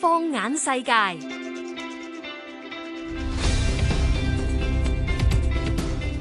放眼世界，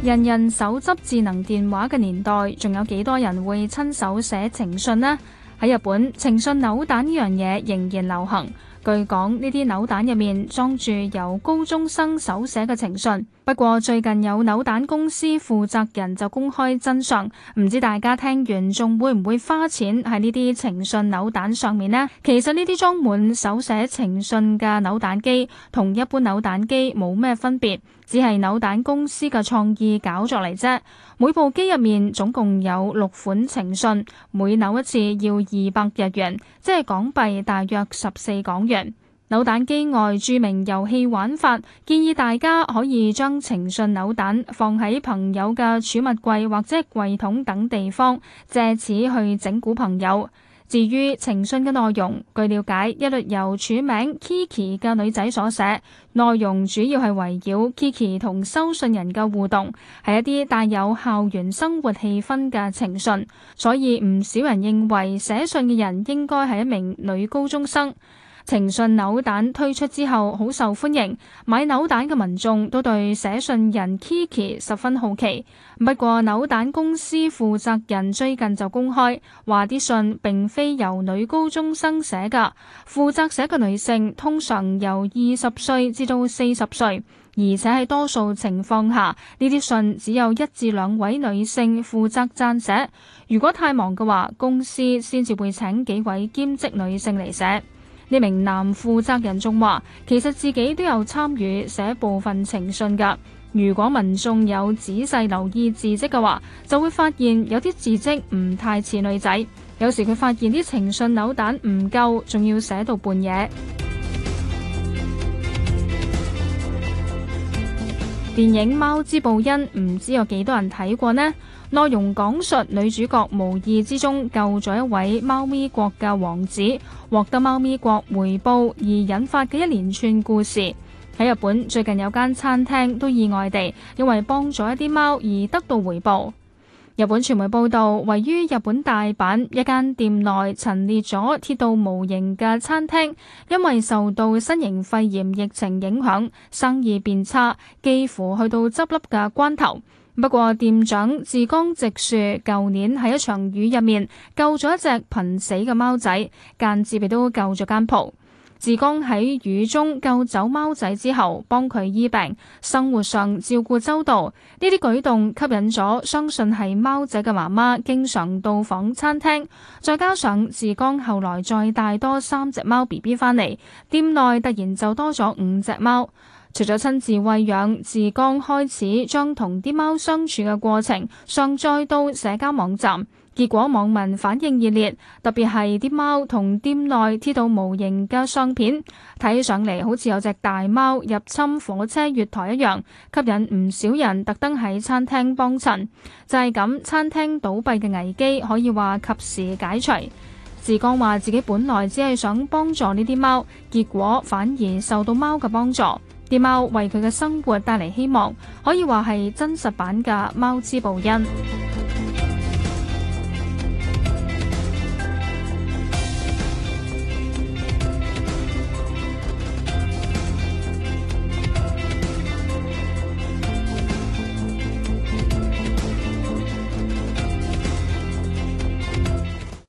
人人手執智能電話嘅年代，仲有幾多人會親手寫情信呢？喺日本，情信扭蛋呢樣嘢仍然流行。據講呢啲扭蛋入面裝住由高中生手寫嘅情信，不過最近有扭蛋公司負責人就公開真相，唔知大家聽完仲會唔會花錢喺呢啲情信扭蛋上面呢？其實呢啲裝滿手寫情信嘅扭蛋機同一般扭蛋機冇咩分別，只係扭蛋公司嘅創意搞作嚟啫。每部機入面總共有六款情信，每扭一次要二百日元，即係港幣大約十四港元。扭蛋機外註明遊戲玩法，建議大家可以將情信扭蛋放喺朋友嘅儲物櫃或者櫃桶等地方，借此去整蠱朋友。至於情信嘅內容，據了解一律由署名 Kiki 嘅女仔所寫，內容主要係圍繞 Kiki 同收信人嘅互動，係一啲帶有校園生活氣氛嘅情信，所以唔少人認為寫信嘅人應該係一名女高中生。情信扭蛋推出之後，好受歡迎。買扭蛋嘅民眾都對寫信人 Kiki 十分好奇。不過，扭蛋公司負責人最近就公開話：啲信並非由女高中生寫㗎，負責寫嘅女性通常由二十歲至到四十歲，而且喺多數情況下呢啲信只有一至兩位女性負責撰寫。如果太忙嘅話，公司先至會請幾位兼職女性嚟寫。呢名男負責人仲話，其實自己都有參與寫部分情信㗎。如果民眾有仔細留意字跡嘅話，就會發現有啲字跡唔太似女仔。有時佢發現啲情信扭蛋唔夠，仲要寫到半夜。 電影《貓之報恩》，唔知有幾多人睇過呢？內容講述女主角無意之中救咗一位貓咪國嘅王子，獲得貓咪國回報而引發嘅一連串故事。喺日本最近有間餐廳都意外地因為幫咗一啲貓而得到回報。日本傳媒報道，位於日本大阪一間店內陳列咗鐵道模型嘅餐廳，因為受到新型肺炎疫情影響，生意變差，幾乎去到執笠嘅關頭。不過店長志剛直樹，舊年喺一場雨入面救咗一隻瀕死嘅貓仔，間接都救咗間鋪。志剛喺雨中救走貓仔之後，幫佢醫病，生活上照顧周到，呢啲舉動吸引咗相信係貓仔嘅媽媽，經常到訪餐廳。再加上志剛後來再帶多三隻貓 B B 返嚟，店內突然就多咗五隻貓。除咗親自餵養，志剛開始將同啲貓相處嘅過程上載到社交網站，結果網民反應熱烈，特別係啲貓同店內貼到模型嘅相片，睇起上嚟好似有隻大貓入侵火車月台一樣，吸引唔少人特登喺餐廳幫襯，就係咁，餐廳倒閉嘅危機可以話及時解除。志剛話自己本來只係想幫助呢啲貓，結果反而受到貓嘅幫助。啲貓為佢嘅生活帶嚟希望，可以話係真實版嘅貓之報恩。